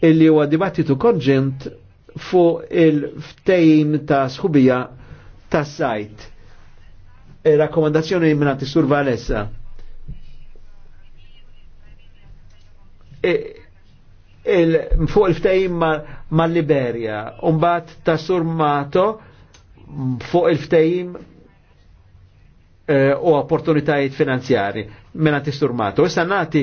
illi huwa dibattitu konġent fuq il-ftejim ta' sħubija ta' sajt. E Rakkomandazzjoni minnat sur Valessa. E, fuq il-ftejim ma' liberia umbat ta' sur Mato fuq il-ftejim e, u opportunitajiet finanzjari minna t-isturmato. Issa nati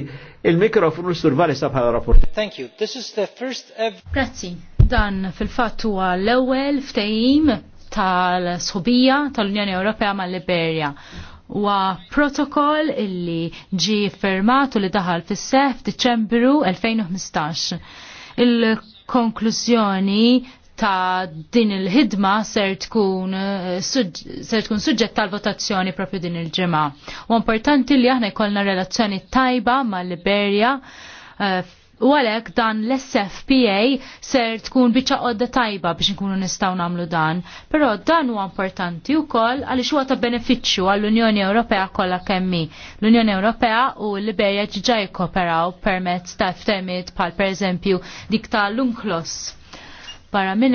il-mikrofonu l-isturvali sabħal rapport. Thank you. This is the first ever... Grazzi. Dan fil-fat huwa l-ewwel ftehim tal-sħubija tal-Unjoni Ewropea mal-Liberja u protokoll illi ġi firmatu li daħal fis sef f'Diċembru 2015. Il-konklużjoni ta' din il-ħidma ser tkun eh, ser tkun suġġett tal-votazzjoni propju din il-ġimgħa. U importanti li aħna jkollna relazzjoni tajba mal-Liberja eh, u għalhekk dan l-SFPA ser tkun biċċa qodda tajba biex nkunu nistgħu nagħmlu dan. Però dan huwa importanti wkoll għaliex huwa ta' benefiċċju għall-Unjoni Ewropea kollha kemmi. L-Unjoni Ewropea u l-Liberja ġiġa jikkoperaw permezz ta' ftemiet bħal pereżempju dik tal-Unklos Barra minn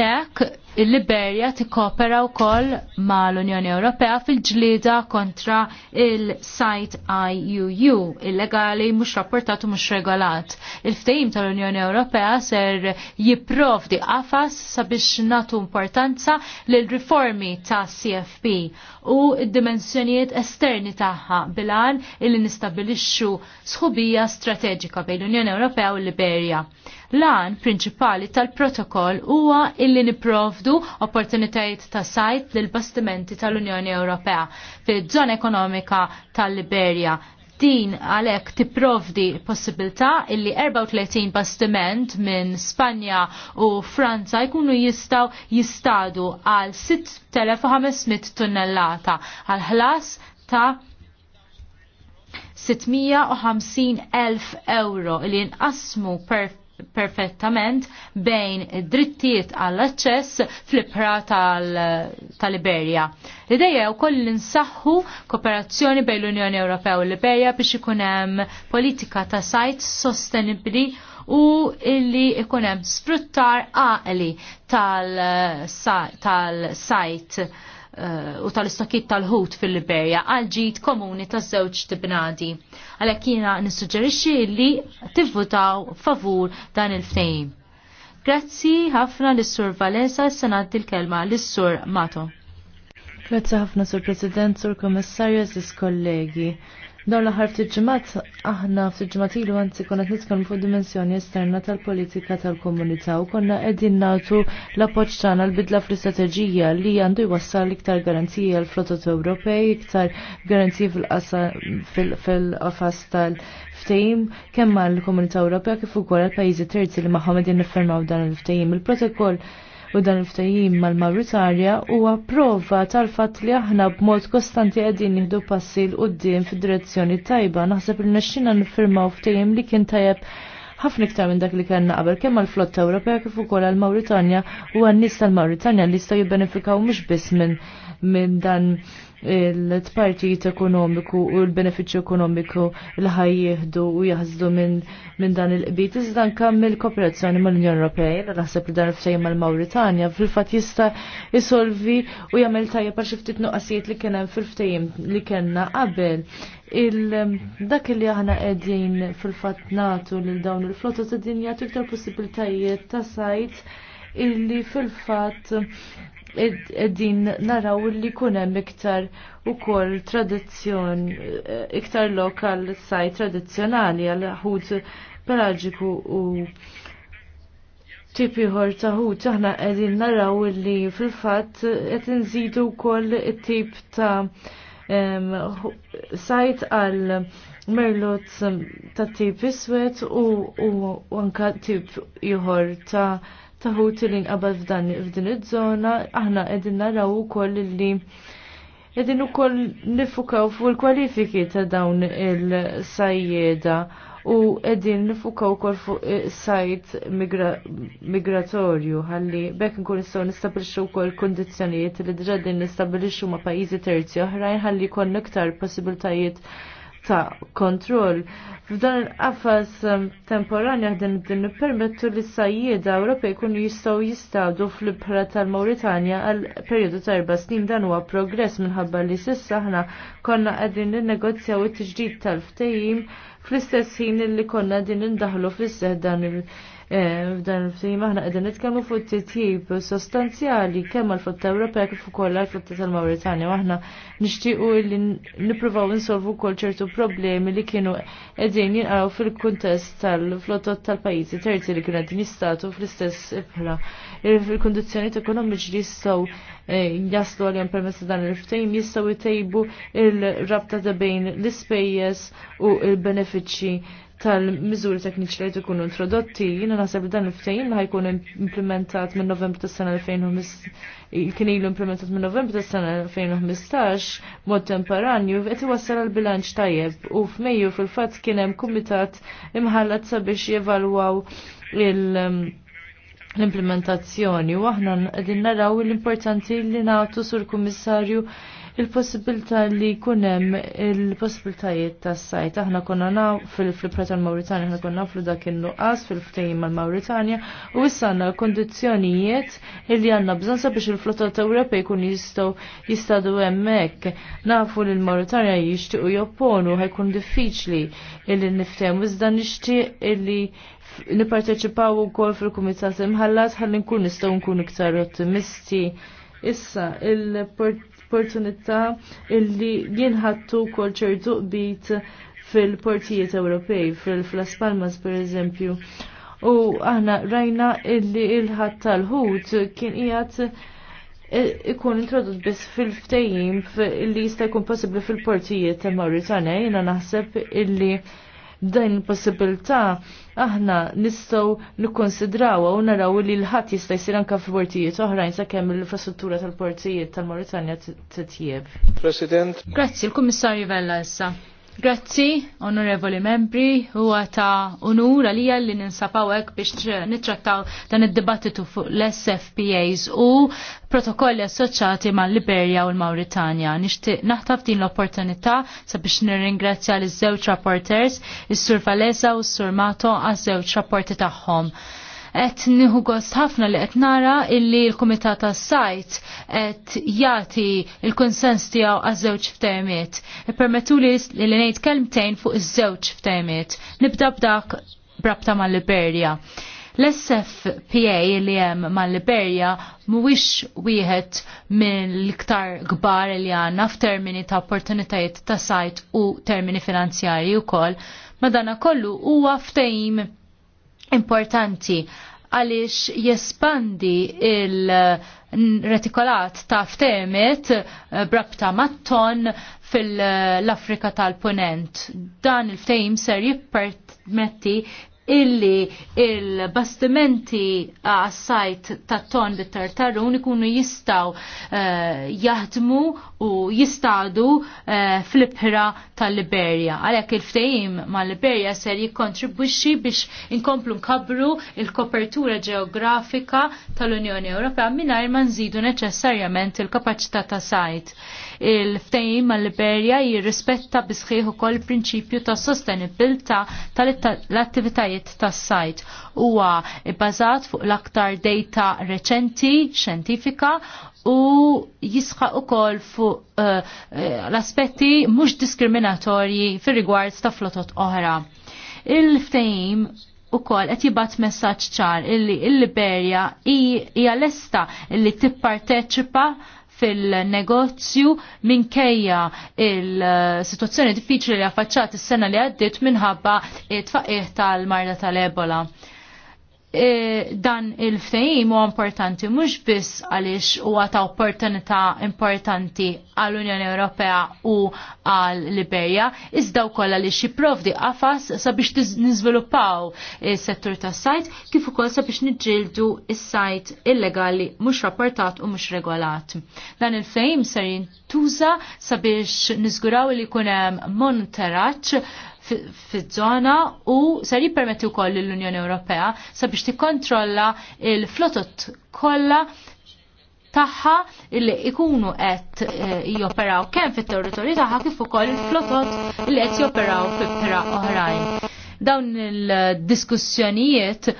Il-Liberja tikkopera wkoll mal-Unjoni Ewropea fil-ġlieda kontra il-sajt IUU, illegali mhux rapportat u mhux regolat. Il-ftehim tal-Unjoni Ewropea ser jipprovdi qafas sabiex natu importanza lil riformi ta' CFP u d dimensjonijiet esterni tagħha bilan illi nistabilixxu sħubija strateġika bejn l-Unjoni Ewropea u l-Liberja. Lan prinċipali tal-protokoll huwa illi niprovdu jipprovdu opportunitajiet ta' sajt lil bastimenti tal-Unjoni Ewropea fil-żona ekonomika tal-Liberja. Din għalek tipprovdi possibilità illi 34 bastiment minn Spanja u Franza jkunu jistaw jistadu għal 6500 tunnellata għal ħlas ta' elf euro li nqasmu per perfettament bejn drittijiet għall-aċċess fl-ipra tal tal L-ideja u koll insaħħu kooperazzjoni bejn l-Unjoni Ewropea u l-Iberja biex ikunem politika ta' sajt sostenibli u illi ikunem sfruttar għaqli tal-sajt. Tal Eh, u tal-istokit tal-ħut fil-Liberja għal ġid komuni ta' żewġ tibnadi. Għalhekk jiena nissuġġerixxi li tivvutaw favur dan il-ftehim. Grazzi ħafna lis sur Valenza s-senat il-kelma lis sur Mato. Grazzi ħafna sur President, sur Kommissarju, sis kollegi. Dawn l-aħħar ftit ġimgħat aħna ftit ġimgħat ilu anzi konna qed nitkellmu fuq dimensjoni esterna tal-politika tal-komunità u konna qegħdin nagħtu l-appoġġ tagħna l-bidla fl-istrateġija li għandu jwassal iktar garanzija għal flotot Ewropej, iktar garanzija fil-qafas tal-ftehim kemm mal-Komunità Ewropea kif ukoll għall pajjiżi terzi li magħhom qegħdin niffermaw dan il-ftehim. Il-protokoll u dan il-ftajim mal-Mauritania huwa prova tal-fatt li aħna b'mod kostanti qegħdin nieħdu passi l qudiem fid-direzzjoni tajba. Naħseb li nexxina nifirmaw ftajim li kien tajjeb ħafna iktar minn dak li kellna qabel kemm għall flotta Ewropea kif ukoll għall mauritania u għan-nies tal-Mawritanja li jistgħu jibbenefikaw mhux biss minn minn dan il partijiet ekonomiku u l-beneficju ekonomiku ħaj jihdu u jahzdu minn dan il-qbit. Iżda kam mill-kooperazzjoni mal-Unjoni Ewropea, li naħseb li dan ftejjem mal-Mawritanja, fil-fatt jista' isolvi u jagħmel tajja par xiftit ftit nuqqasijiet li kien hemm fil-ftejjem li kellna qabel. dak li aħna qegħdin fil-fatt nagħtu lil dawn il-flotta ta' dinja tiktar possibiltajiet ta' sajt illi fil-fatt Eddin naraw li kunem iktar u kol tradizjon, iktar lokal saj tradizjonali għal ħut pelagiku u tipiħor ta' ħut. Aħna eddin naraw li fil-fat għed nżidu kol tip ta' um, sajt għal merlot ta' tip iswet u, u, u anka tip iħor ta' ta' li nqabba f'dan f'din iż-żona, aħna qegħdin naraw ukoll li qegħdin ukoll nifukaw fuq il-kwalifiki ta' dawn il-sajjeda u qegħdin nifukaw ukoll fuq sajt migratorju ħalli bekk nkun nistgħu nistabilixxu wkoll kundizzjonijiet li diġà din nistabilixxu ma' pajjiżi terzi oħrajn ħalli jkollna iktar possibiltajiet ta' kontroll. F'dan il-qafas um, temporanja ħdem din nippermettu li s sajjida Ewropej jkunu jistgħu jistgħu fl-ibħra tal-Mawritanja għal perjodu ta' erba' snin dan huwa progress minħabba li s'issa aħna konna qegħdin ninnegozjaw it-tiġdid tal-ftehim fl-istess ħin li konna din indaħlu fis-seħ dan il- Eh, f'dan il-ftehim aħna qegħdin nitkellmu fuq titjib sostanzjali kemm għall-flotta Ewropea kif ukoll għall-flotta tal-Mawritanja aħna nixtiequ li nippruvaw insolvu wkoll ċertu problemi li kienu qegħdin jinqgħu fil-kuntest tal-flottot tal-pajjiżi terzi li kienu qegħdin jistatu fl-istess ibħra. Il-kundizzjonijiet ekonomiċi li jistgħu eh, jaslu għalihom permezz dan il-ftehim jistgħu jtejbu il-rabta ta' bejn l-ispejjeż u l-benefiċċji tal-miżuri tekniċi li jkunu introdotti, jiena naħseb li dan il-ftehim li ħajkun implementat minn Novembru tas-sena 2015 kien ilu implementat minn Novembru tas-sena 2015 mod temporanju qed iwassal għal bilanċ tajjeb u f'Mejju fil-fatt kien hemm kumitat imħallat sabiex jevalwaw il- um, l-implementazzjoni u aħna qegħdin naraw l-importanti li nagħtu sur kummissarju il-possibilità li kunem il-possibilitajiet ta' sajt. Aħna konna naw fil-flipra tal-Mauritania, aħna konna naflu dak il fil-ftejim mal-Mauritania u issa għanna kondizjonijiet li għanna bżon sabiex il-flotta ta' Ewropej kun jistaw jistadu emmek. Nafu li l-Mauritania u jopponu, ħajkun diffiċli illi niftem, iżda nishtiq li niparteċipaw ukoll fil-kumitat imħallat ħalli kun nistgħu nkun iktar ottimisti. Issa, il-port opportunità illi jinħattu kol ċertu qbit fil-portijiet Ewropej, fil-Flas Palmas per eżempju. U aħna rajna illi il-ħadd tal-ħut kien ijat e, ikun introdott biss fil-ftejjim illi jista' jkun possibbli fil-portijiet ta' Mauritania, jiena naħseb illi din il-possibilità aħna nistgħu nikkonsidrawha u naraw li l-ħadd jista' jsir anke f'portijiet oħrajn sakemm l-infrastruttura tal-portijiet tal-Mauritania titjieb. President. Grazzi, il-Kummissarju Vella issa. Grazzi, onorevoli membri, huwa ta' unur għalija li ninsapaw hekk biex nittrattaw dan id-dibattitu fuq l-SFPAs u protokolli assoċjati ma' Liberia u l-Mauritania. Nixtieq naħtaf din l-opportunità sabiex nirringrazzja l żewġ rapporters, is-Sur Falesa u s-Sur Mato għaż-żewġ rapporti tagħhom qed nieħu gost ħafna li qed nara illi l-Kumitat tas-Sajt qed jagħti l-konsens tiegħu għaż-żewġ ftehimiet. Ippermettuli e li ngħid kelmtejn fuq iż-żewġ ftehimiet. Nibda b'dak brabta mal-Liberja. L-SFPA li hemm mal-Liberja mhuwiex wieħed mill-iktar kbar li għandna f'termini ta' opportunitajiet ta' sajt u termini finanzjarji wkoll, madana kollu huwa ftehim importanti għaliex jespandi il-retikolat ta' ftemet eh, brabta matton fil-Afrika tal-Ponent. Dan il-ftejm ser jippermetti illi il-bastimenti għas-sajt ta' ton bit-tartarun ikunu jistaw uh, jaħdmu u jistadu uh, fl-ibħra tal-Liberja. Għalhekk il-ftehim mal-Liberja ser jikkontribwixxi biex inkomplu nkabru il-kopertura ġeografika tal-Unjoni Ewropea mingħajr ma nżidu neċessarjament il-kapaċità ta' sajt il ma mal-Liberja jirrispetta bisħiħu ukoll prinċipju ta' sostenibilta tal-attivitajiet tas-sajt. Huwa bbażat fuq l-aktar data reċenti, xjentifika u jisħa ukoll fuq uh, l-aspetti mhux diskriminatorji fir-rigward ta' flotot oħra. Il-ftejim u kol qed jibgħat messaġġ ċar illi l-Liberja hija lesta li tipparteċipa fil-negozju minkejja il-situazzjoni diffiċli li affaċċat is-sena li għaddiet minħabba it-tfaqih tal-marda tal-Ebola. E, dan il-ftehim huwa importanti mhux biss għaliex huwa ta' opportunità importanti għall unjoni Ewropea u għal Liberja, iżda wkoll li jipprovdi għafas sabiex nizvilupaw is-settur tas-sajt kif ukoll sabiex niġġieldu il sajt illegali mhux rapportat u mhux regolat. Dan il-ftehim ser jintuża sabiex niżguraw li jkun hemm fil żona u ser jippermetti wkoll l-Unjoni Ewropea sabiex tikkontrolla il-flotot kollha tagħha li ikunu qed eh, joperaw kemm fit-territorju tagħha kif ukoll il-flotot li qed joperaw f'ibra oħrajn. Dawn il-diskussjonijiet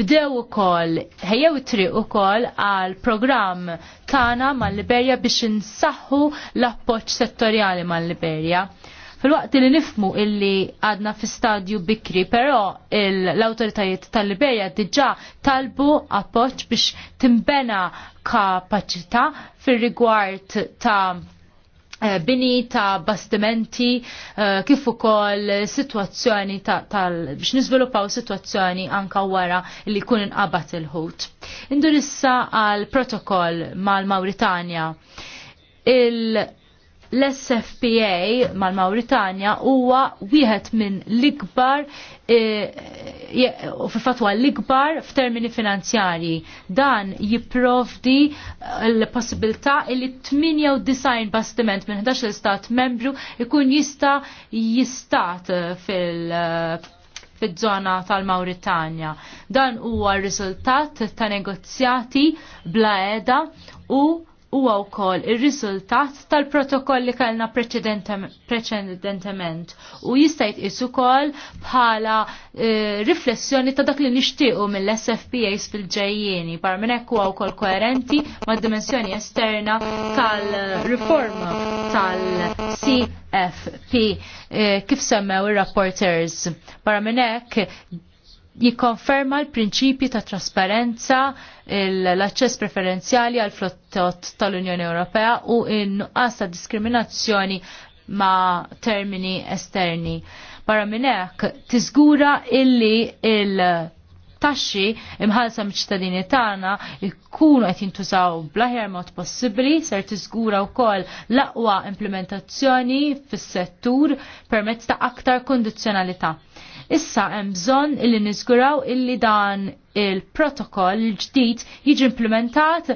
bdew ukoll ħejjew it-triq ukoll għal programm tagħna mal-Liberja biex insaħħu l-appoġġ settorjali mal-Liberja. Fil-waqt li nifmu illi għadna fi stadju bikri, però l-autoritajiet tal-Liberja diġa talbu appoġġ biex timbena kapaċità fil-rigward ta' eh, bini ta' bastimenti eh, kif ukoll situazzjoni tal biex niżviluppaw situazzjoni anka wara li kun inqabad il-ħut. Indurissa għal protokoll mal-Mauritania. Il l-SFPA mal-Mauritania huwa wieħed minn l-ikbar u e, fatwa l-ikbar f'termini finanzjarji. Dan jipprovdi e, l-possibilità li 98 bastiment minn 11 l-istat membru ikun jista jistat fil- e, fil-żona tal-Mauritania. Dan huwa r-riżultat ta' negozjati bla eda u huwa wkoll ir-riżultat tal-protokoll li kellna preċedentement u jista' jitqis ukoll bħala eh, riflessjoni ta' dak li nixtiequ mill-SFPAs fil-ġejjieni par minn hekk huwa wkoll koerenti mad-dimensjoni esterna tal-riforma tal-CFP eh, kif semmew ir-rapporters. Barra minn hekk jikkonferma l-prinċipji ta' trasparenza, l-aċċess preferenzjali għal flottot tal-Unjoni Ewropea u in nuqqas ta' diskriminazzjoni ma' termini esterni. Barra minn hekk tiżgura illi il- taxxi imħalsa miċ-ċittadini tagħna jkunu qed jintużaw bl-aħjar mod possibbli ser tiżgura wkoll l-aqwa implementazzjoni fis-settur permezz ta' aktar kondizzjonalità. Issa hemm bżonn illi niżguraw illi dan il-protokoll il-ġdid jiġi implementat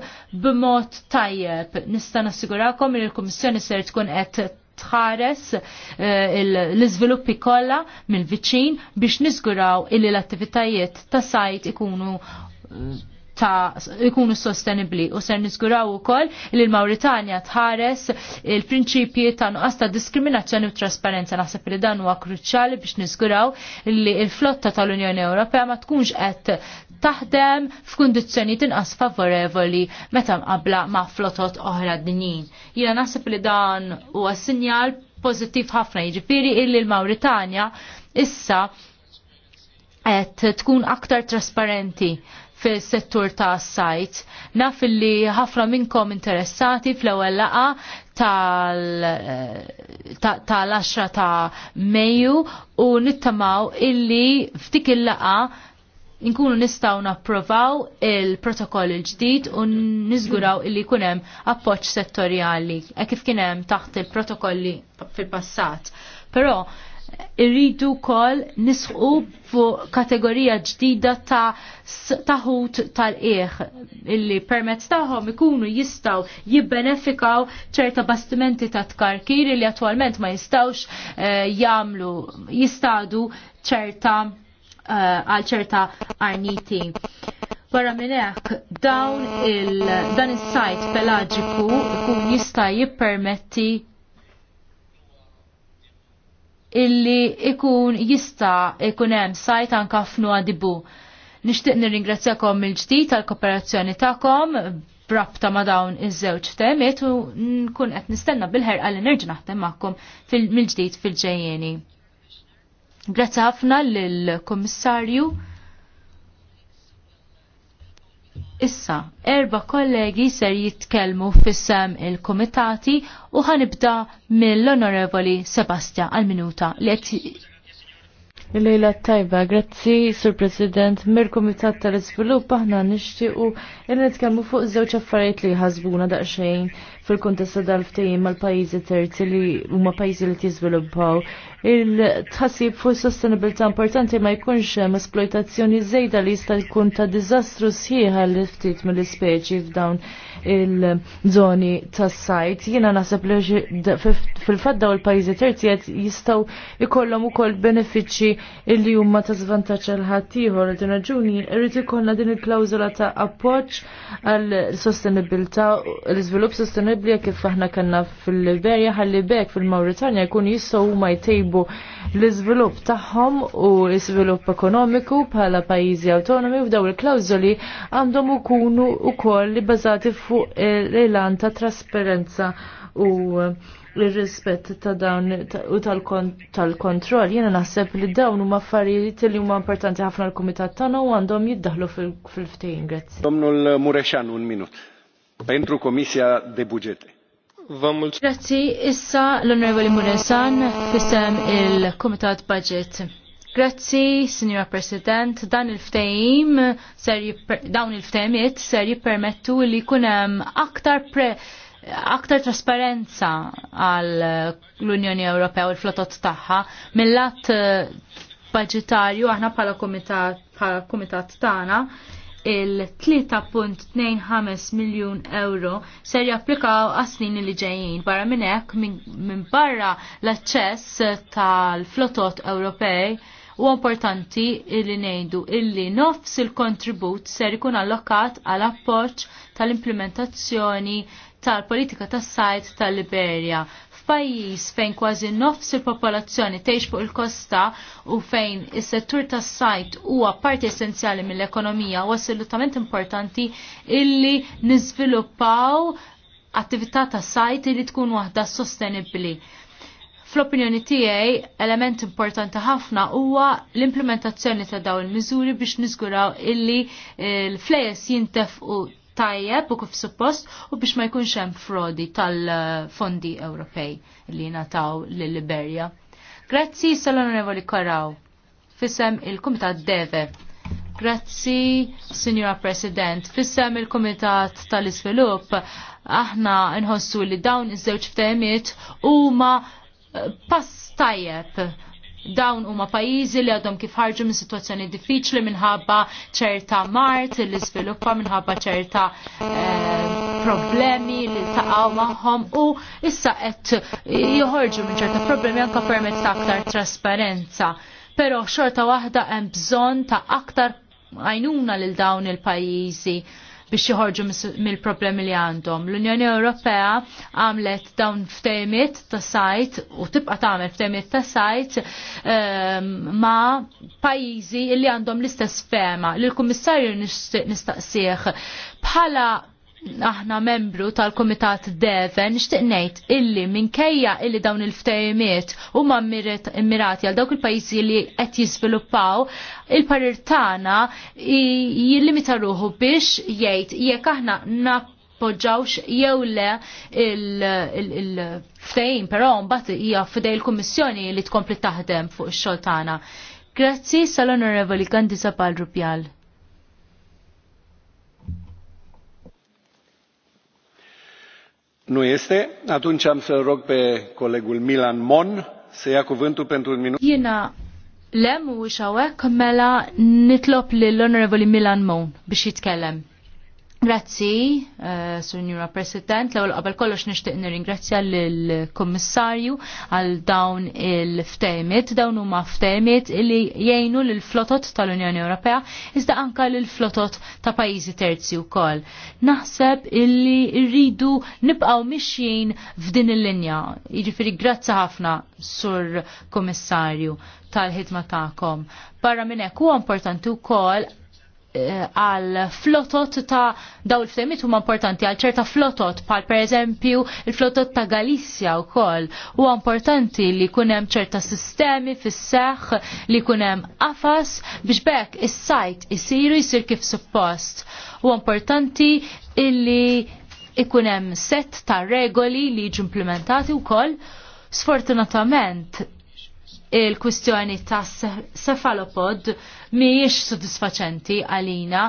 b'mod tajjeb. Nista' nassigurakom li l-Kummissjoni ser tkun qed tħares eh, l-iżviluppi kollha mill-viċin biex niżguraw illi l-attivitajiet ta' sajt ikunu eh, ta' ikunu sostenibli u ser niskuraw ukoll li l-Mauritania tħares il-prinċipji ta' nuqqas ta' diskriminazzjoni u trasparenza naħseb li dan huwa kruċjali biex niskuraw li l-flotta tal-Unjoni Ewropea ma tkunx qed taħdem f'kundizzjoni tinqas favorevoli meta mqabla ma' flotot oħra dinjin. Jiena naħseb li dan huwa sinjal pożittiv ħafna jiġifieri illi l-Mauritania issa qed tkun aktar trasparenti fil-settur ta' sajt. Naf li ħafna minnkom interessati fl-ewwel laqa tal-10 eh, ta, ta, ta, Mejju u nittamaw illi ftik il-laqa nkunu nistaw napprovaw il-protokoll il-ġdid u nizguraw illi kunem appoċ settorjali, e kif kienem taħt il-protokolli fil-passat. Pero, irridu kol nisħu fuq kategorija ġdida ta' taħut tal-eħ illi permezz tagħhom ikunu jistaw jibbenefikaw ċerta bastimenti ta' tkarkir li attualment ma jistawx uh, eh, jamlu jistadu ċerta eh, għal uh, ċerta arniti. Barra minnek, dawn il, dan il-sajt pelagiku kun jista jippermetti illi ikun jista ikun hemm sajt anka f'nu għadibu. Nixtieq nirringrazzjakom il ġdid tal-kooperazzjoni tagħkom brabta ma dawn iż-żewġ temiet u nkun qed nistenna bil-ħerqa li nerġa' naħdem magħkom mill-ġdid fil-ġejjeni. Grazzi ħafna lill-Kummissarju. Issa, erba kollegi ser jitkelmu fissem il-komitati u ħanibda mill-onorevoli Sebastian għal-minuta li lejla tajba, grazzi, Sur President, mir Komitat tal-Izvilupp aħna nishtiqu, il nitkellmu fuq żewġ affarijiet li jħasbuna daqsxejn fil-kontesta dal-ftejim mal-pajizi terzi li huma pajizi li tiżviluppaw. Il-tħassib fuq sostenibilità importanti ma jkunx hemm esploitazzjoni żejda li jista' jkun ta' diżastru sħiħa li ftit mill-ispeċi f'dawn il-żoni tas-sajt. Jiena naħseb li fil-fatt daw il-pajjiżi terzi qed jistgħu ikollhom ukoll benefiċċji li huma ta' żvantaġġ għal ħadd ieħor. Din raġuni ikollna din il-klawżola ta' appoġġ għal sostenibilità l-iżvilupp sostenibbli possibbli kif aħna kanna fil-Liberja ħalli bek fil-Mauritania jkun jistgħu huma jtejbu l-iżvilupp tagħhom u l-iżvilupp ekonomiku bħala pajjiżi autonomi u daw il-klawżoli għandhom ikunu wkoll li bazati fuq l-elan ta' trasparenza u l-rispett ta' dawn u tal-kontroll. Jena naħseb li dawn huma affarijiet li huma importanti ħafna l-kumitat tagħna u għandhom jiddaħlu fil ftejn Domnu Domnul mureċan un minut. Pentru Komisja de Grazzi, issa l-Onorevoli Munesan, fissem il-Komitat Budget. Grazzi, Signora President, dan il-ftejim, dawn il-ftejmiet ser jippermettu li kunem aktar pre aktar trasparenza għal l-Unjoni Ewropea u l-flotot tagħha mill lat eh, budgetarju aħna bħala komitat bħala komitat tagħna il-3.25 miljun euro ser japplikaw għasnin li ġejjin barra minn hekk minn barra l-aċċess tal-flotot Ewropej u importanti illi ngħidu illi nofs il-kontribut ser ikun allokat għal appoġġ tal-implementazzjoni tal-politika tas-sajt tal-Liberja f'pajjiż fejn kważi nofs il-popolazzjoni tgħix fuq il-kosta u fejn is-settur tas-sajt huwa parti essenzjali mill-ekonomija u assolutament importanti illi niżviluppaw attività ta' sajt li tkun waħda sostenibbli fl-opinjoni tiegħi element importanti ħafna huwa l-implementazzjoni ta' dawn il-miżuri biex niżguraw illi l-flejes jintefqu tajjeb u kif suppost u biex ma jkunx hemm frodi tal-fondi Ewropej li nataw lil liberja Grazzi sal-Onorevoli Karaw fissem il-Kumitat Deve. Grazzi, Signora President. Fissem il-Kumitat tal-Isvilupp aħna nħossu li dawn iż-żewġ ftehimiet huma eh, pass tajjeb Dawn huma pajjiżi li għadhom kif ħarġu minn sitwazzjoni diffiċli minħabba ċerta mart li sviluppa minħabba ċerta eh, problemi li taqgħu magħhom u issa qed joħorġu minn ċerta problemi anke permezz ta' aktar trasparenza. Però xorta waħda hemm bżonn ta' aktar għajnuna lil dawn il-pajjiżi biex joħorġu mill-problemi li għandhom. L-Unjoni Ewropea għamlet dawn ftejmiet ta' sajt u tibqa tagħmel ftejmiet ta' sajt ehm, ma' pajjiżi li għandhom l-istess fema. L-Kummissarju nistaqsih bħala aħna membru tal-Komitat Deven nixtieq ngħid illi minkejja illi dawn il u huma mirati għal dawk il-pajjiżi li qed jiżviluppaw, il-parir tagħna jillimita ruħu biex jgħid jekk aħna nappoġġawx jew le il-ftehim, però mbagħad hija fidej il-Kummissjoni li tkompli taħdem fuq ix-xogħol tagħna. Grazzi sal-Onorevoli Gandhi Sapal Rupjal. Nu este? Atunci am să rog pe colegul Milan Mon să ia cuvântul pentru un minut. Jena lem u xawek mela nitlop li l-Honorable Milan Moon biex jitkellem. Grazzi, uh, eh, Sunjura President, l-ewwel qabel kollox nixtieq nirringrazzja lill-Kummissarju għal dawn il ftemit dawn huma ftehmiet li jgħinu l flotot tal-Unjoni Ewropea iżda anka l flotot ta' pajjiżi terzi wkoll. Naħseb illi rridu nibqgħu mixjin f'din il-linja. Jiġifieri grazzi ħafna sur Kommissarju, tal-ħidma tagħkom. Barra minn hekk huwa importanti wkoll Eh, għal flotot ta' daw il-ftemit huma importanti għal ċerta flotot pal per eżempju il-flotot ta' Galizja u koll u importanti li kunem ċerta sistemi fis-seħ li kunem afas biex bekk is-sajt isiru jisir kif suppost u importanti illi ikunem set ta' regoli li implementati u koll sfortunatament il-kwistjoni ta' cefalopod mhijiex sodisfaċenti għalina.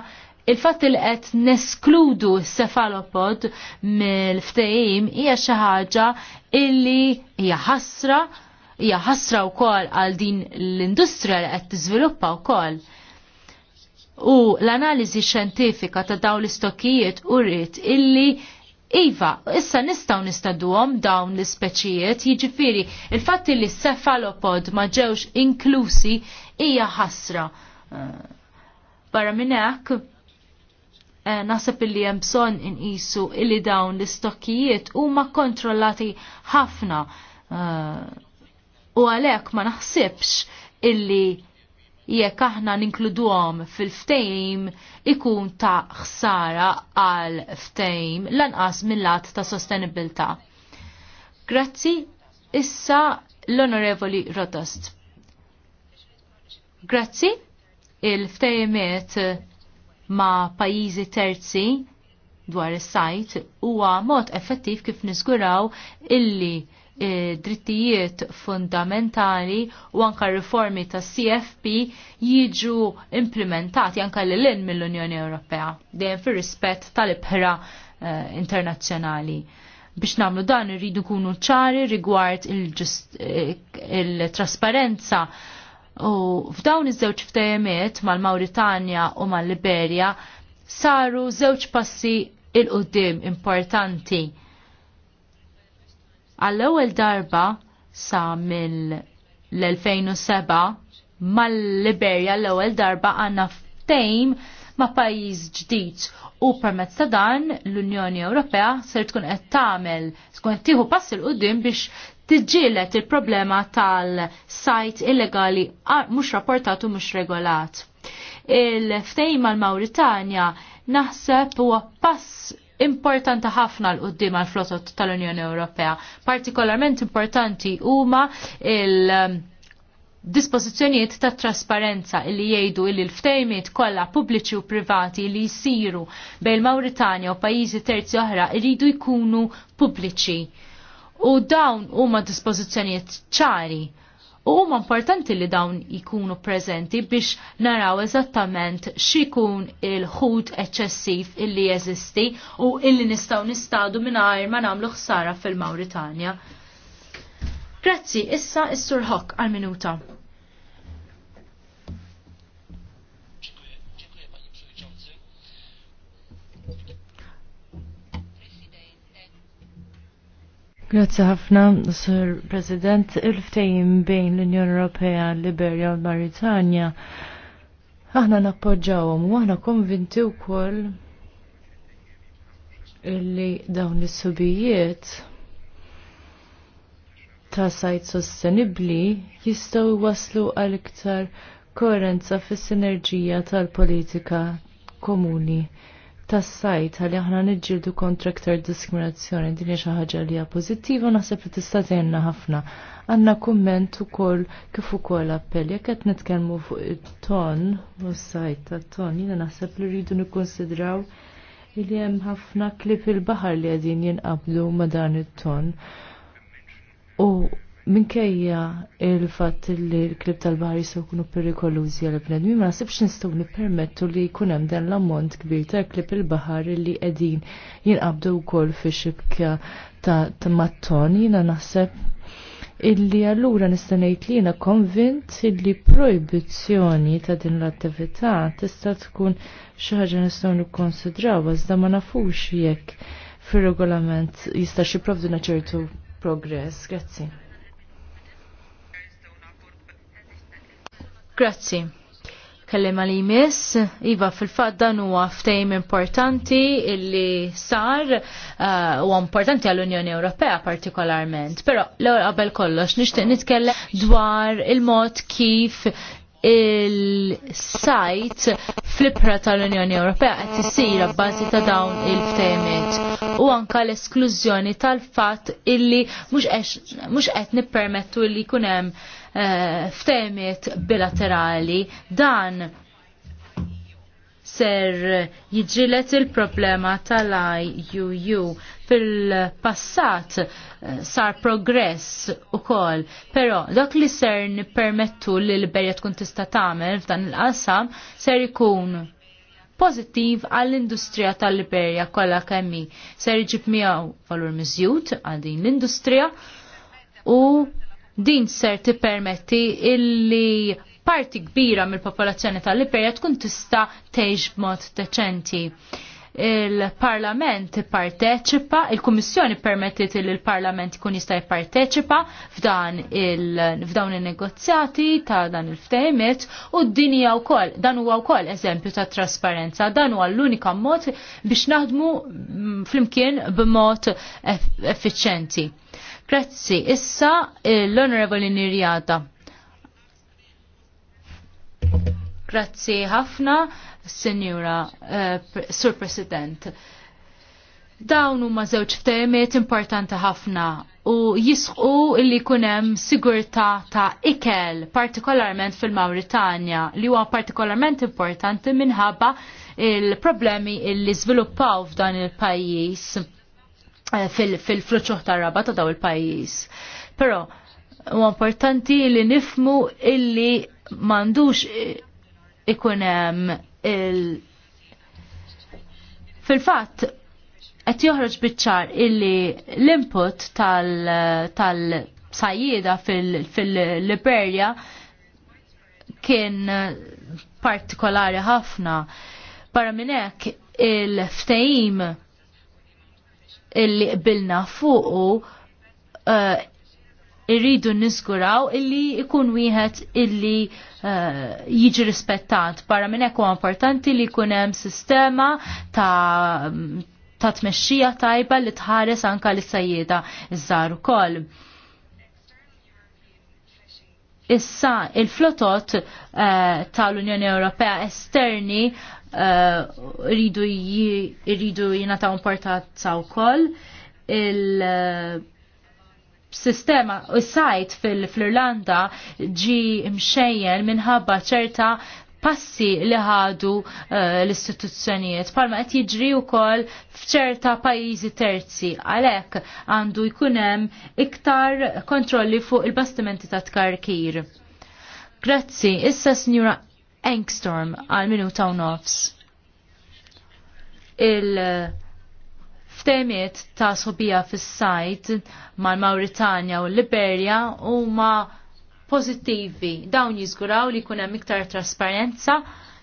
Il-fatt il qed neskludu cefalopod mill-ftehim hija xi ħaġa illi hija ħasra hija ħasra wkoll għal din l-industrija li qed tiżviluppa wkoll. U l-analiżi xjentifika ta' dawn l-istokkijiet uriet illi Iva, issa nistaw nistaduhom dawn l-ispeċijiet, jiġifieri il-fatti li s-cefalopod ma ġewx inklusi hija ħasra. Eh, barra minn hekk, eh, naħseb illi hemm bżonn inqisu illi dawn l-istokkijiet huma kontrollati ħafna. Eh, u għalhekk ma naħsibx illi jekk aħna ninkluduhom fil-ftejm ikun ta' ħsara għal ftejm lanqas mill-lat ta' sostenibilità. Grazzi issa l-Onorevoli Rotost. Grazzi il-ftejmiet ma' pajizi terzi dwar is-sajt huwa mod effettiv kif niżguraw illi drittijiet fundamentali u anka riformi ta' CFP jiġu implementati anka l lin mill-Unjoni Ewropea dejjem fir rispett tal-ibħra eh, internazzjonali. Biex namlu dan irridu kunu ċari rigward eh, il-trasparenza il u f'dawn iż-żewġ ftehimiet mal-Mauritania u mal-Liberja saru żewġ passi il-qoddim importanti Għall-ewwel darba sa mill-2007 mal-Liberja l-ewwel darba għandna ftejm ma' pajjiż ġdid u permezz ta' dan l-Unjoni Ewropea ser tkun qed tagħmel tkun qed tieħu pass il qudiem biex tiġġielet il-problema tal-sajt illegali mhux rapportat u mhux regolat. Il-ftejm mal mauritania naħseb huwa pass importanti ħafna l qoddim għal flotot tal-Unjoni Ewropea. Partikolarment importanti huma il- um, Dispozizjonijiet ta' trasparenza illi jgħidu illi l-ftejmiet kollha pubbliċi u privati li jsiru bejn Mauritania u pajjiżi terzi oħra jridu jkunu pubbliċi. U dawn huma dispożizzjonijiet ċari U huma importanti li dawn ikunu preżenti biex naraw eżattament x'ikun il-ħut eċċessiv illi jeżisti u illi nistgħu nistadu mingħajr ma nagħmlu ħsara fil mauritania Grazzi, issa is-Sur għal-minuta. Grazzi ħafna, Sir President. Il-ftejim bejn l-Unjoni Ewropea, Liberja u Maritanja. Aħna nappoġġawhom u aħna konvinti wkoll illi dawn is-subijiet ta' sajt sostenibbli jistgħu waslu għal iktar koerenza fis-sinerġija tal-politika komuni tas-sajt għalli aħna niġġieldu kontra diskriminazzjoni din hija xi ħaġa li hija pożittiva naħseb li tista' tgħinna ħafna. Għandna kumment ukoll kif ukoll appell jekk qed nitkellmu fuq it-ton u s-sajt tat-ton jiena naħseb li rridu nikkonsidraw li hemm ħafna klip il-baħar li qegħdin jinqabdu ma' dan it-ton. U minkejja il fat li l-klib tal bari se kunu perikolużi għal mi ma nasibx nistaw nipermettu li jkun hemm dan l-ammont kbir ta' klib il-bahar li qegħdin jinqabdu wkoll fi xibkja ta' matton jiena naħseb illi allura nista' ngħid li jiena konvint illi proibizzjoni ta' din l-attività tista' tkun xi ħaġa nistgħu nikkonsidraw iżda ma nafux jekk fir-regolament jista' xi provduna ċertu progress. Grazzi. Grazzi. Kellem li jmiss, Iva fil-fat dan huwa ftejm importanti illi sar u uh, importanti għall-Unjoni Ewropea partikolarment. Però l-ewwel qabel kollox nixtieq nitkellem dwar il-mod kif il-sajt fl tal-Unjoni Ewropea qed isir bbażi ta' dawn il-ftehimiet u anka l-esklużjoni tal-fatt illi mhux qed nippermettu li jkun hemm Eh, f'temet bilaterali dan ser jiġilet il-problema tal-IUU. Fil-passat eh, sar progress u kol, pero dak li ser nipermettu li l-berja tkun tista tagħmel f'dan il-qasam ser ikun pozittiv għall-industrija tal-Liberja kollha kemmi. Ser iġib miegħu valur miżjud għal din l-industrija u din ser tippermetti illi parti kbira mill-popolazzjoni tal-Liberja tkun tista' tgħix b'mod deċenti. Il-Parlament parteċipa, il-Kummissjoni permettit li l-Parlament kun jista' jipparteċipa f'dan f'dawn in-negozjati ta' dan il-ftehimiet u din hija wkoll dan huwa wkoll eżempju ta' trasparenza, dan huwa l-unika mod biex naħdmu mm, flimkien b'mod effiċenti. Grazzi, issa eh, l honorable Nirjata. Grazzi ħafna, Signora, uh, Sur President. Dawn huma żewġ temiet importanti ħafna u jisqu illi kunem sigurta ta' ikel, partikolarment fil-Mauritania, li huwa partikolarment importanti minħabba il-problemi illi sviluppaw f'dan il-pajjiż. Eh, fil-fluċuħ ta' rabata ta' daw il-pajis. Pero, u importanti li nifmu illi mandux ikunem il- Fil-fat, qed joħroġ bitċar illi l-input tal-sajjieda tal sajjida tal fil liberja fil kien partikolari ħafna. Barra minn hekk il-ftehim illi qbilna fuqu uh, irridu niskuraw illi ikun wieħed illi eh, jiġi rispettat. Barra minn hekk importanti li jkun hemm sistema ta' ta' tmexxija tajba li tħares anka li sajjieda iż-żar ukoll issa il-flotot uh, tal-Unjoni Ewropea esterni eh, rridu uh, rridu jinataw importanza wkoll il-sistema eh, u sajt fil-Irlanda ġi mxejjen minħabba ċerta passi li ħadu eh, l-istituzzjonijiet palma qed jiġri wkoll f'ċerta pajjiżi terzi għalhekk għandu jkun hemm iktar kontrolli fuq il-bastimenti ta' tkarkir. Grazzi, issa Sinjura Engstorm għal minuta u nofs. Il ftemiet ta' sobija fis-sajt mal-Mauritania u l-Liberja huma pozittivi dawn jiżguraw li jkun hemm iktar trasparenza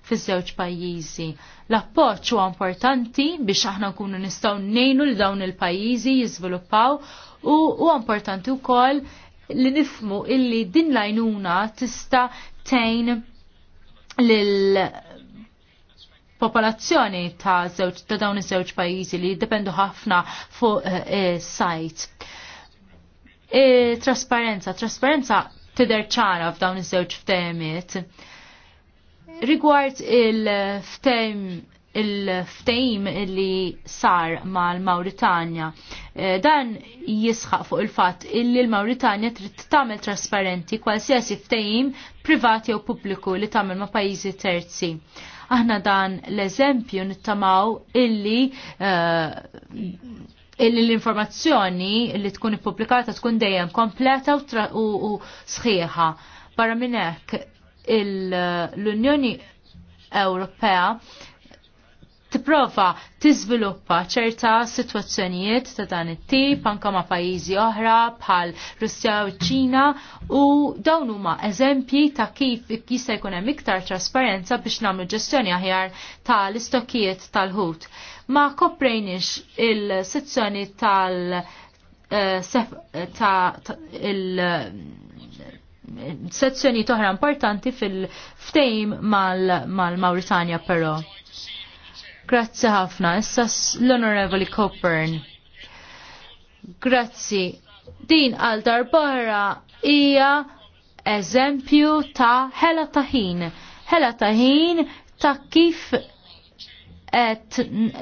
fiż-żewġ pajjiżi. L-appoġġ huwa importanti biex aħna nkunu nistgħu nejnu li dawn il-pajjiżi jiżviluppaw u huwa importanti wkoll li nifmu illi din lajnuna tista' tejn lil popolazzjoni ta' żewġ ta' dawn iż-żewġ pajjiżi li jiddependu ħafna fuq sajt. Eh, e, eh, eh, trasparenza, trasparenza tider ċara f'dawn iż-żewġ ftehimiet. Rigward il-ftehim il-ftejm li sar mal-Mauritania. Eh, dan jisħaq fuq il-fat illi l-Mauritania trid tagħmel trasparenti kwalsiasi ftejm privati jew pubbliku li tagħmel ma' pajjiżi terzi. Aħna dan l-eżempju nittamaw illi uh, l-informazzjoni li tkun ippubblikata tkun dejjem kompleta u sħiħa. Barra minn hekk l-Unjoni Ewropea tipprova tiżviluppa ċerta sitwazzjonijiet ta' dan it-tip anke ma' pajjiżi oħra bħal Russja u ċina u dawn huma eżempji ta' kif jista' jkun hemm iktar trasparenza biex nagħmlu ġestjoni aħjar tal-istokkijiet tal-ħut. Ma koprejniex il-sezzjoni tal- eh, eh, ta', ta il sezzjoni toħra importanti fil-ftejm mal-Mauritania mal però. Grazzi ħafna. Issa l-Onorevoli Coburn. Grazzi. Din għal darbara hija eżempju ta' ħela taħin. Ħela taħin ta' kif et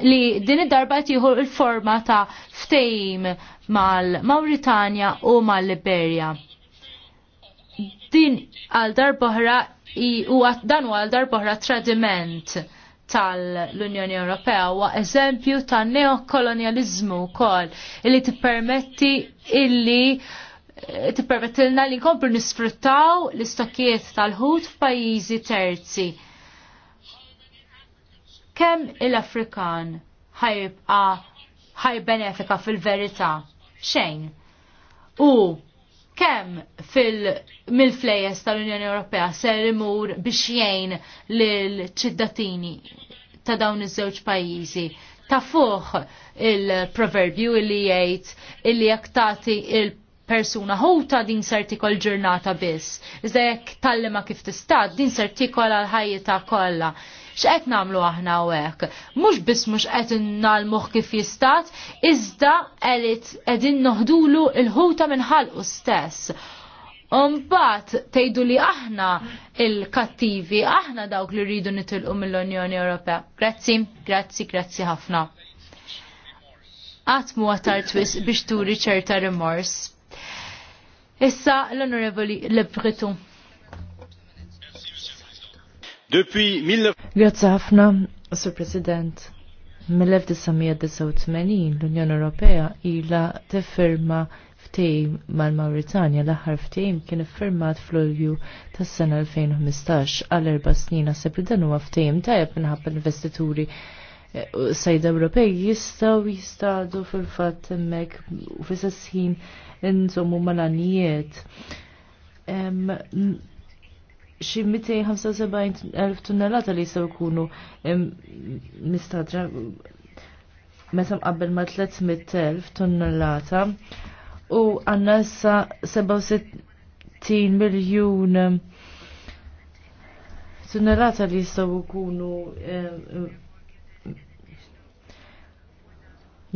li din id-darba tieħu il-forma ta' ftejm mal-Mauritania u mal-Liberja. Din għal darbohra u dan għal darbohra tradiment tal-Unjoni Ewropea huwa eżempju ta' neokolonializmu wkoll illi tippermetti illi eh, tippermettilna li nkomplu nisfruttaw l-istokkijiet tal-ħut f'pajjiżi terzi. Kemm il-Afrikan ħajbqa ħajbenefika fil-verità? Xejn. U kemm fil-flejes tal-Unjoni Ewropea ser imur biex jgħin lill-ċittadini ta' dawn iż-żewġ pajjiżi ta' fuq il-proverbju illi jgħid illi jekk tagħti il persuna ħuta din sertikol ġurnata biss. Iżda jekk tallima kif tista' din sertikol għal ħajjita kollha. X'qed nagħmlu aħna hekk? Mhux biss mhux qed innalmuh kif jistat, iżda qed qegħdin noħdulu l-ħuta minn ħalqu stess. Umbat tgħidu li aħna il-kattivi, aħna dawk li rridu nitilqu mill-Unjoni Ewropea. Grazzi, grazzi, grazzi ħafna. Għatmu għatar twis biex turi ċerta remors Issa l-Onorevoli Le Breton. Depuis 19... Grazie ħafna, Sir President. Mill-1989 l-Unjoni Ewropea ila tiffirma ftehim mal-Mauritania l-aħħar ftehim kien iffirmat fl-Ulju tas-sena 2015 għal erba' snin naħseb li dan huwa ftehim tajjeb minħabba investituri eh, sajda Ewropej jistgħu jistgħu fil-fatt hemmhekk u fis sħin nżommu mal-anijiet. Xi 275,000 tunnellata li jistgħu jkunu mistadra meta mqabbel ma' 300,000 tunnellata u għandna issa 67 miljun tunnellata li jistgħu jkunu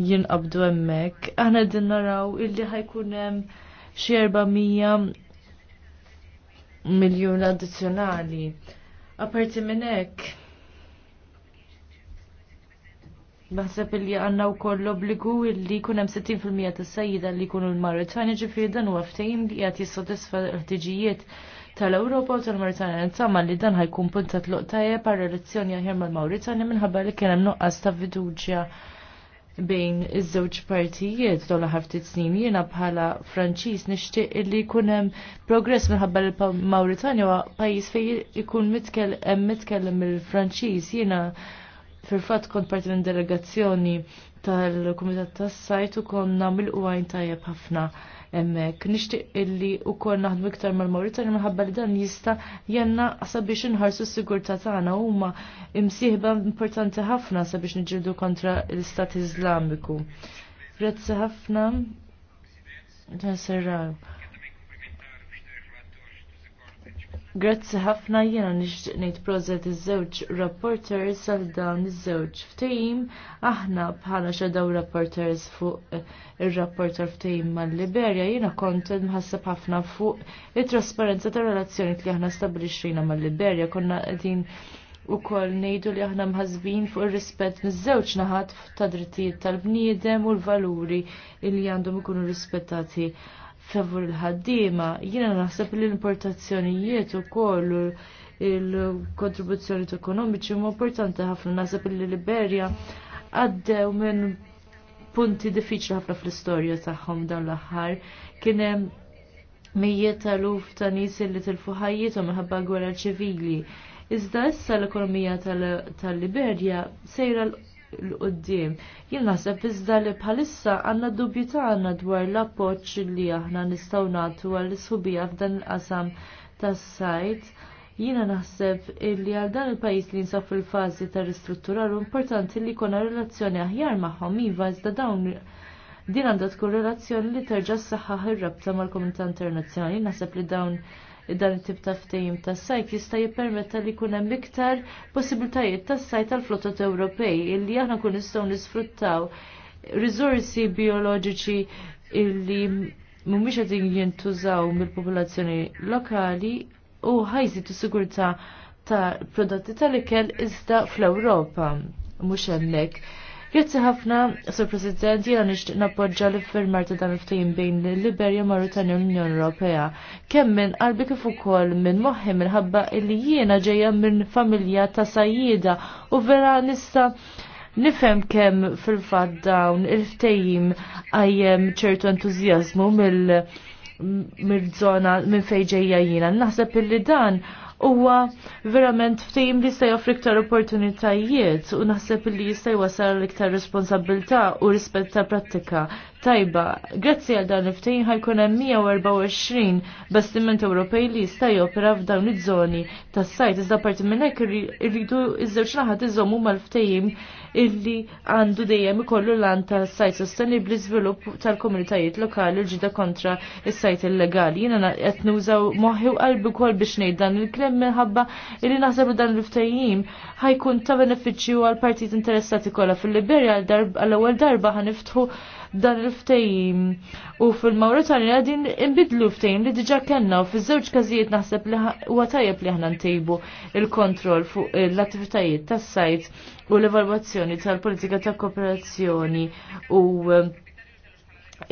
jinqabdu hemmhekk. Aħna din naraw illi ħajkun hemm xi 400 miljun addizzjonali. Aparti minn hekk, Naħseb li għanna u koll obbligu li kunem hemm 60% tas-sajjida li jkunu l-Maritani ġifieri dan huwa għaftajim li qed jissodisfa l-ħtiġijiet tal-Ewropa u tal-Maritani. Insomma li dan ħajkun punta tluq tajjeb għal relazzjoni aħjar mal-Mauritani minħabba li kien hemm nuqqas ta' fiduċja bejn iż-żewġ partijiet dola ħaftit snin jiena bħala Franċiż nixtieq illi jkun hemm progress minħabba l Mauritania huwa pajjiż fejn ikun hemm mitkellem il-Franċiż jiena fil-fatt kont parti minn delegazzjoni tal-Kumitat tas-Sajt u konna mill-qwajn tajjeb ħafna emmek. Nishtiq illi u kol naħdmu iktar mal-Mauritania minħabba li dan jista jenna sabiex nħarsu s-sigurta tagħna huma imsieħba importanti ħafna sabiex nġildu kontra l-Istat Islamiku. Grazzi ħafna. Serraw. Grazzi ħafna jiena nixtieq ngħid prożet iż-żewġ rapporters għal dawn iż-żewġ ftehim aħna bħala xedaw rapporters fuq eh, ir-rapporter ftehim mal-Liberja jiena kont mħasseb ħafna fuq it-trasparenza tar relazzjoni li aħna stabilixxina mal-Liberja konna qegħdin ukoll ngħidu li aħna mħasbin fuq ir-rispett miż-żewġ naħat ta' drittijiet tal-bniedem u l-valuri li għandhom ikunu rispettati favur il-ħaddima, jiena naħseb li l-importazzjonijiet u kollu il-kontribuzzjoni ekonomiċi huma importanti ħafna naħseb li l-Liberja għaddew minn punti diffiċli ħafna fl-istorja tagħhom dan l-aħħar. Kien hemm mijiet ta' ta' nies li tilfu ħajjithom minħabba gwerra ċivili. Iżda issa l-ekonomija tal-Liberja sejra l l-qoddim. Jien naħseb iżda li bħalissa għandna dubju tagħna dwar l-appoġġ li aħna nistgħu nagħtu għall-isħubija f'dan il-qasam tas-sajt Jiena naħseb illi għal dan il pajjiż li nsaf fil fażi ta' ristrutturar importanti li jkollna relazzjoni aħjar magħhom iva iżda dawn din għandha tkun relazzjoni li terġa' s-saħħa rabta mal-komunità internazzjonali naħseb li dawn dan it-tip ta' ftehim tas sajt jista' jippermetta li jkun hemm iktar possibiltajiet tas sajt tal-flotot Ewropej illi aħna kun nistgħu nisfruttaw riżorsi bioloġiċi illi mhumiex qed jintużaw mill-popolazzjoni lokali u ħajżitu sigurtà ta' prodotti tal-ikel iżda fl-Ewropa mhux hemmhekk. Grazzi ħafna, Sur President, jiena nixtieq nappoġġa l firmar ta' dan il-ftehim bejn l-Liberja Marutanja u l-Unjoni Ewropea. Kemm minn qalbi kif ukoll minn il-ħabba li jiena ġejja minn familja ta' sajjida, u vera nista' nifhem kemm fil-fatt dawn il-ftehim għajjem ċertu entużjażmu mill żona minn fejn ġejja jiena. Naħseb illi dan huwa verament ftehim li jista' joffri iktar opportunitajiet u naħseb li jista' jwasal iktar responsabilità u rispett ta' prattika tajba. Grazzi għal dan il ftejn ħajkun hemm 124 bastiment Ewropej li jista' jopera f'dawn iż-żoni tas-sajt iżda parti minn hekk irridu iż-żewġ naħat iżommu mal-ftehim illi għandu dejjem ikollu lan tas-sajt sostenibbli żvilupp tal-komunitajiet lokali ġida kontra is-sajt illegali. Jiena qed nużaw moħħi u qalbi wkoll biex ngħid dan il-klem minħabba illi naħseb dan il-ftehim ħajkun ta' benefiċċju għal partit interessati kollha fil-Liberja għal ewwel darba ħaniftħu dan il-ftejim u fil-Mauritania din imbidlu ftejim li diġa kenna u fiż-żewġ każijiet naħseb li huwa tajjeb li aħna ntejbu il-kontroll fuq l-attivitajiet tas-sajt u l-evalwazzjoni tal-politika ta' kooperazzjoni u eh,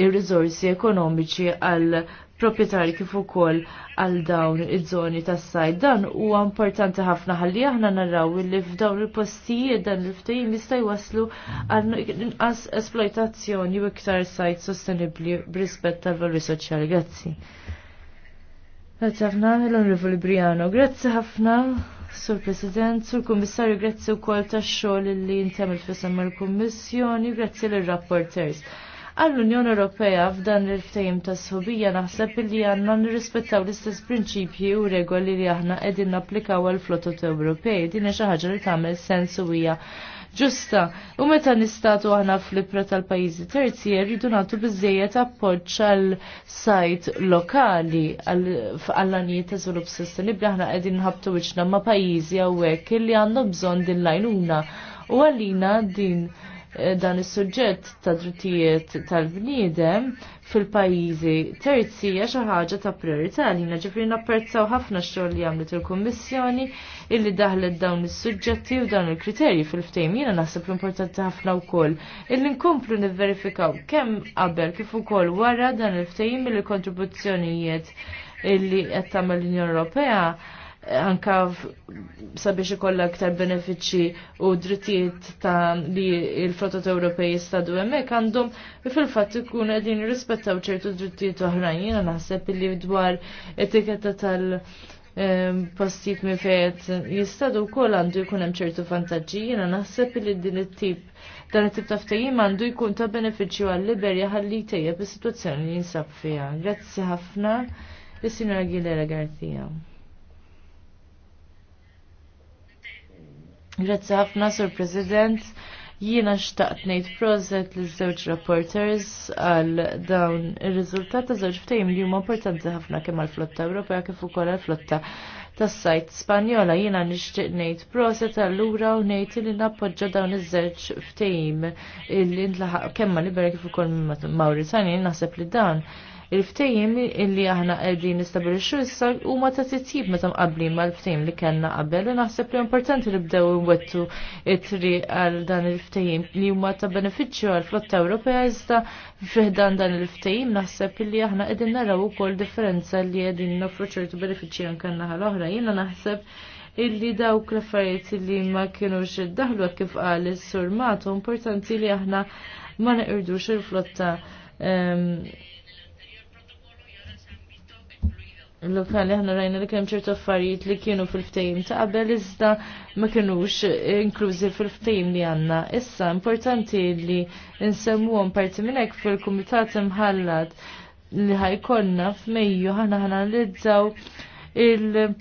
il-rizorsi ekonomiċi għal proprjetari kif ukoll għal dawn iż-żoni tas-sajd. Dan huwa importanti ħafna ħalli aħna naraw li f'dawn il-postijiet dan il-ftehim jista' jwasslu għal inqas esploitazzjoni u iktar sajt sostenibbli b'rispett tal-valur soċjali. Grazzi. Grazzi ħafna, l-Onorevoli Briano. Grazzi ħafna, Sur President, Sur Kommissarju, grazzi u kol ta' xol li intemil fissam mal kommissjoni grazzi l-rapporters għall-Unjoni Ewropea f'dan il-ftehim ta' sħobija naħseb li għandna nirrispettaw l-istess prinċipji u regoli li aħna qegħdin napplikaw għal flotot Ewropej. Din xi ħaġa li tagħmel sens u hija ġusta. U meta nistatu aħna fl-ibra tal-pajjiżi terzi rridu nagħtu biżejjed appoġġ għal sajt lokali għall-anijiet ta' żvilupp sostenibbli aħna qegħdin nħabtu wiċċna ma' pajjiżi hawnhekk li għandhom bżonn din l-għajnuna u għalina din dan is-suġġett ta' drittijiet tal-bniedem fil-pajjiżi terzi hija xi ħaġa ta' priorità lina ġifri napprezzaw ħafna x-xogħol li għamlet il-Kummissjoni illi daħlet dawn is-suġġetti u dawn il-kriterji fil-ftehim jiena naħseb l-importanti ħafna wkoll illi nkomplu nivverifikaw kemm qabel kif ukoll wara dan il-ftehim il-kontribuzzjonijiet illi qed tagħmel l-Unjoni Ewropea anka sabiex ikollha aktar benefiċċji u drittijiet ta' li l-flotot Ewropej jistadu hemmhekk għandhom fil-fatt ikun qegħdin jirrispettaw ċertu drittijiet oħrajn. Jiena naħseb li dwar etiketta tal- ehm, postijiet mi fejn jistadu wkoll għandu jkun hemm ċertu vantaġġi, jiena naħseb li din it-tip dan it-tip ta' ftehim għandu jkun ta' benefiċċju għall-Liberja ħalli tejjeb is-sitwazzjoni li jinsab fiha. Grazzi ħafna, is-Sinjora Gilera Garcia. Grazzi ħafna, Sur President. Jiena xtaqt ngħid prożet l żewġ reporters għal dawn ir rizultat ta' żewġ ftejm li huma importanti ħafna kemm għall-flotta Ewropea kif ukoll għall-flotta tas-sajt Spanjola. Jiena nixtieq ngħid prożet allura u ngħid li nappoġġa dawn iż-żewġ ftejm li ntlaħaq kemm ma' Libera kif ukoll Mawritania naħseb li dawn Il-ftejim illi aħna qegħdin nistabilixxu issa huma ta' titjib meta mqablin mal-ftejim li kellna qabel u naħseb li importanti li bdew inwettu it-triq għal dan il-ftejim li huma ta' benefiċċju għal flotta Ewropea iżda fiħdan dan il-ftejim naħseb li aħna qegħdin naraw ukoll differenza li qegħdin nofru ċertu benefiċċji anke naħa l-oħra. Jiena naħseb illi dawk l-affarijiet li ma kienux iddaħlu kif qal is-surmatu importanti li aħna ma neqirdux il-flotta ehm, L-fan li rajna li kemm ċertu affarijiet li kienu fil-ftejim ta' qabel iżda ma kienux eh, inklużi fil-ftejim li għanna. Issa importanti li nsemmuhom parti minn hekk fil-kumitat imħallat li ħajkonna f'Mejju ħana analizzaw il-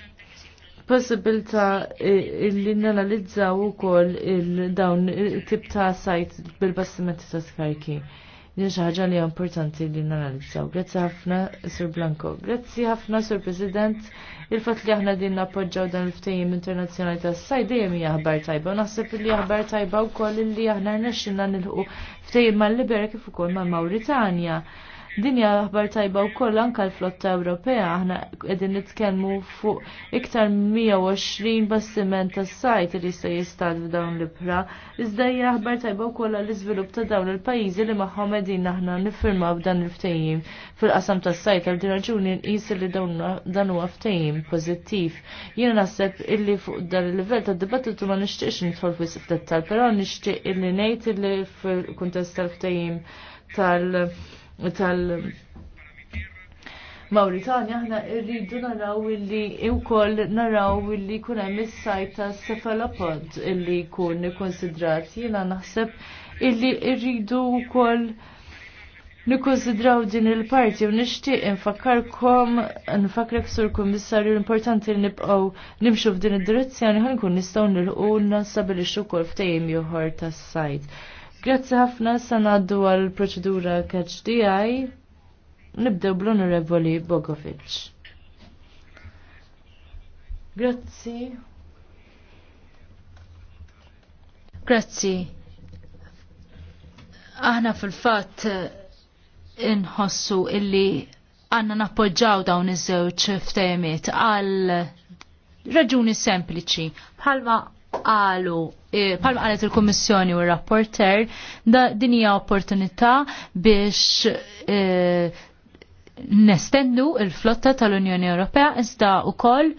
possibilta eh, li nanalizzaw ukoll il-dawn eh, tip ta' sajt bil-bastimenti ta' skarki xi ħaġa li importanti li nanalizzaw. Grazzi ħafna, Sir Blanco. Grazzi ħafna, Sir President. Il-fat li aħna din nappoġġaw dan il-ftejim internazzjonali ta' s-saj dejjem hija ħbar tajba. U naħseb li ħbar tajba wkoll li aħna rnexxinna nilħu ftejim mal-Libera kif ukoll mal-Mawritanja. mal libera kif ukoll mal mauritania Dinja aħbar tajba wkoll anke l-flotta Ewropea aħna qegħdin nitkellmu fuq iktar 120 bastiment tas-sajt li se jistad f'dawn l-ibra. Iżda hija aħbar tajba wkoll għall-iżvilupp ta' dawn il-pajjiżi li magħhom qegħdin aħna niffirmaw f'dan il-ftehim fil-qasam tas-sajt għal din raġuni nqis li dan huwa ftehim pożittiv. Jiena naħseb illi fuq dan il-livell tad-dibattitu ma nixtieqx nidħol fi is-dettal, però nixtieq illi ngħid illi fil-kuntest tal-ftehim tal-, -tal tal Mauritania aħna irridu naraw illi wkoll naraw illi jkun hemm is-sajt ta' Sefalopod illi jkun ikkonsidrat jiena naħseb illi rridu wkoll Nikkonsidraw din il-parti u nixtieq infakkarkom nfakrek sur kummissarju l-importanti li nibqgħu nimxu f'din id-direzzjoni ħankun nistgħu nilqu nastabilixxu wkoll ftehim ieħor tas-sajt. Grazzi ħafna sanaddu għal proċedura catch DI. Nibdew bl-Onorevoli Bogovic. Grazzi. Grazzi. Aħna fil-fatt eh, inħossu illi għanna nappoġġaw dawn iż-żewġ ftehimiet għal raġuni sempliċi. Bħalma qalu Eh, palma għalet il-Kommissjoni u r-rapporter, da dinija opportunità biex eh, nestendu il-flotta tal-Unjoni Ewropea iżda u koll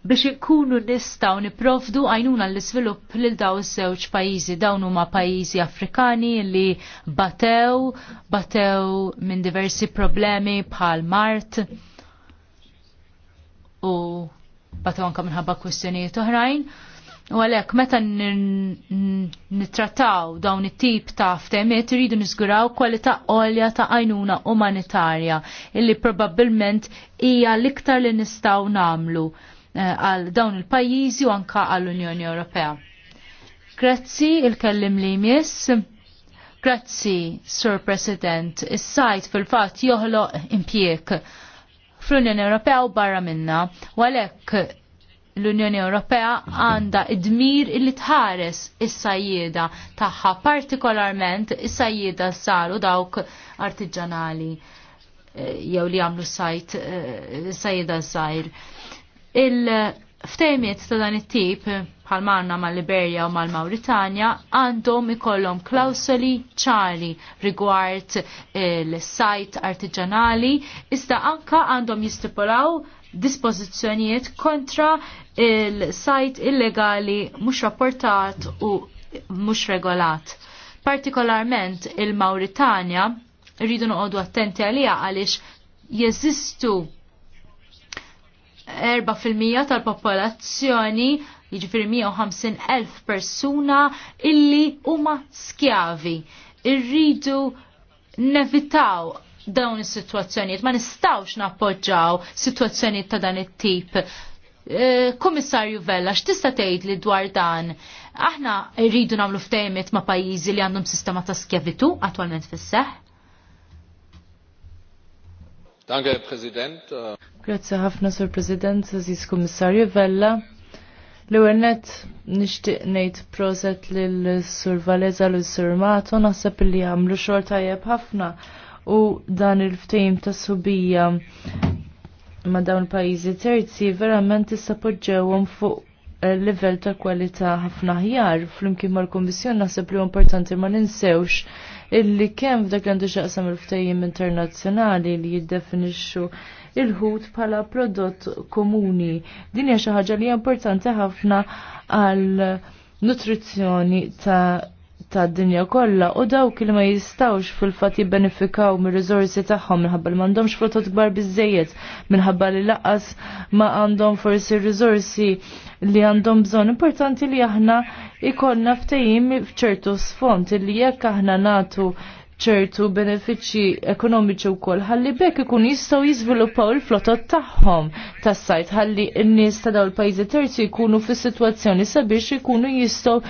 biex ikunu nistaw niprofdu għajnuna l svilup lil daw iż-żewġ pajjiżi dawn huma pajjiżi Afrikani li batew batew minn diversi problemi bħal Mart u batew anka minħabba kwistjonijiet oħrajn. U għalek, meta nittrattaw dawn it-tip ta' ftemiet rridu nizguraw kwalità għolja ta' għajnuna umanitarja illi probabbilment hija l-iktar li nistaw namlu eh, għal dawn il-pajjiżi u anka għall unjoni Ewropea. Grazzi il-kellim li jmiss. Grazzi, Sir President, is-sajt fil-fat joħloq impjek fl-Unjoni Ewropea u barra minna, u għalhekk l-Unjoni Ewropea għanda id-dmir illi tħares is-sajjieda tagħha partikolarment is-sajjieda saru dawk artiġanali eh, jew li għamlu sajt eh, sajjieda żgħir. Il-ftejmiet ta' dan it-tip bħal manna mal-Liberja u mal mauritania għandhom ikollhom klawsoli ċari rigward eh, l-sajt artiġanali iżda anka għandhom jistipulaw dispożizzjonijiet kontra il-sajt illegali mhux rapportat u mhux regolat. Partikolarment il-Mauritania rridu noqogħdu attenti għalija għaliex jeżistu 4% tal-popolazzjoni jiġifieri 150,000 persuna illi huma skjavi. Irridu nevitaw dawn is-sitwazzjonijiet, ma nistawx nappoġġaw sitwazzjonijiet ta' dan it-tip. Eh, Kummissarju Vella, x'tista' tgħid li dwar dan? Aħna rridu nagħmlu ftehimiet ma' pajjiżi li għandhom sistema ta' skjavitu attwalment fis-seħħ? Danke, President. Grazie ħafna, Sur President, Aziz Kummissarju Vella. L-għennet nishtiq nejt proset l-Sur Valeza l-Sur Mato, naħseb li għamlu xor tajjeb ħafna u dan il-ftejm ta' subija ma' dawn pajjiżi terzi verament poġġewhom fuq eh, level ta' kwalità ħafna ħjar flimkien mal-Kummissjon naħseb li importanti ma ninsewx illi kemm f'dak għandu xaqsam il-ftejjim internazzjonali li jiddefinixxu il-ħut bħala prodott komuni. Din hija xi ħaġa li hija importanti ħafna għal nutrizzjoni ta' tad dinja kollha u dawk li ma jistawx fil-fatt jibbenefikaw mir rizorsi tagħhom minħabba li m'għandhomx flotot kbar biżejjed minħabba li laqas ma għandhom forsi r-rizorsi li għandhom bżonn importanti li aħna ikollna ftehim f'ċertu sfond li jekk aħna natu ċertu benefiċċji ekonomiċi wkoll ħalli bekk ikun jistgħu jizviluppaw il-flotot tagħhom tas-sajt ħalli n-nies ta' dawn il-pajjiżi terzi jkunu fis-sitwazzjoni sabiex ikunu jistgħu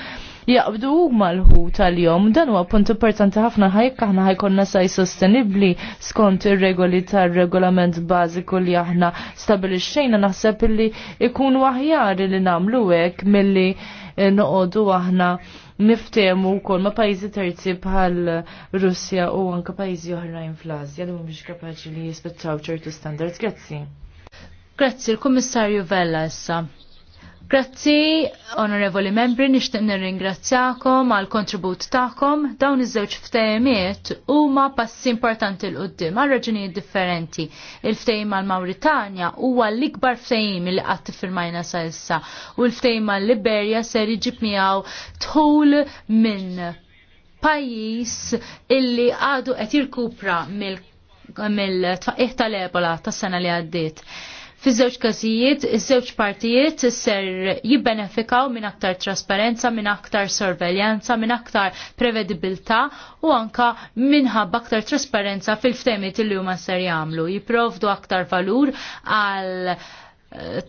jaqbdu huma l-ħu tal-jom. Dan huwa punt importanti ħafna ħajk aħna ħajkonna saj sostenibbli skont ir-regoli tar-regolament bażiku li aħna stabilixxejna naħseb illi ikun aħjar li nagħmlu hekk milli eh, noqogħdu aħna niftemu wkoll ma' pajjiżi terzi bħal Russja u anke pajjiżi oħrajn fl-Asja li mhumiex kapaċi li jispettaw ċertu standards. Grazzi. Grazzi, il-Kummissarju Vella issa. Grazzi, onorevoli membri, nishtiq nirringrazzjakom għal kontribut tagħkom. Dawn iż-żewġ ftehimiet huma passi importanti l qudiem għal raġunijiet differenti. Il-ftehim mal mauritania huwa l-ikbar ftehim li qatt tifirmajna sa issa u l-ftehim mal liberja ser jiġib miegħu tħul minn pajjiż illi għadu qed jirkupra mill-tfaqih tal-ebola tas-sena li għaddiet. Fi żewġ każijiet, iż-żewġ partijiet ser jibbenefikaw minn aktar trasparenza, minn aktar sorveljanza, minn aktar prevedibilità u anka minħabba aktar trasparenza fil-ftemiet li huma ser jagħmlu. Jipprovdu aktar valur għal eh,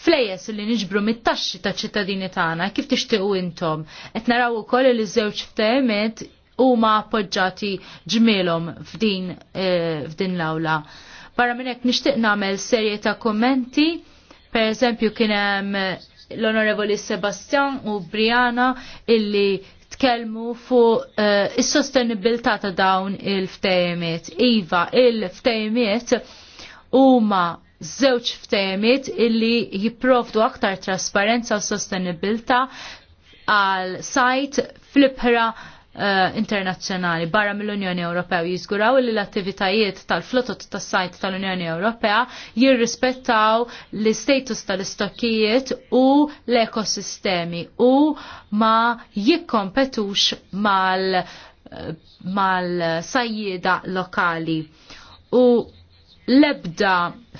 flejes li niġbru mit-taxxi ta' ċittadini tagħna kif tixtiequ intom. Qed naraw ukoll li żewġ ftemiet huma appoġġati ġmielhom f'din eh, f'din l-awla. Barra minnek nishtiq nixtieq nagħmel serje ta' kummenti, pereżempju kien hemm l-Onorevoli Sebastian u Briana illi tkellmu fuq uh, is-sostenibilità ta' dawn il-ftejmiet. Iva, il-ftejmiet huma żewġ ftejmiet illi jipprovdu aktar trasparenza u sostenibilità għal sajt fl-ibħra Eh, internazzjonali barra mill-Unjoni Ewropew jiżguraw li l-attivitajiet tal-flotot tas-sajt tal-Unjoni Ewropea jirrispettaw l-istatus tal-istokkijiet u l-ekosistemi u ma jikkompetux mal eh, mal-sajjida lokali. U lebda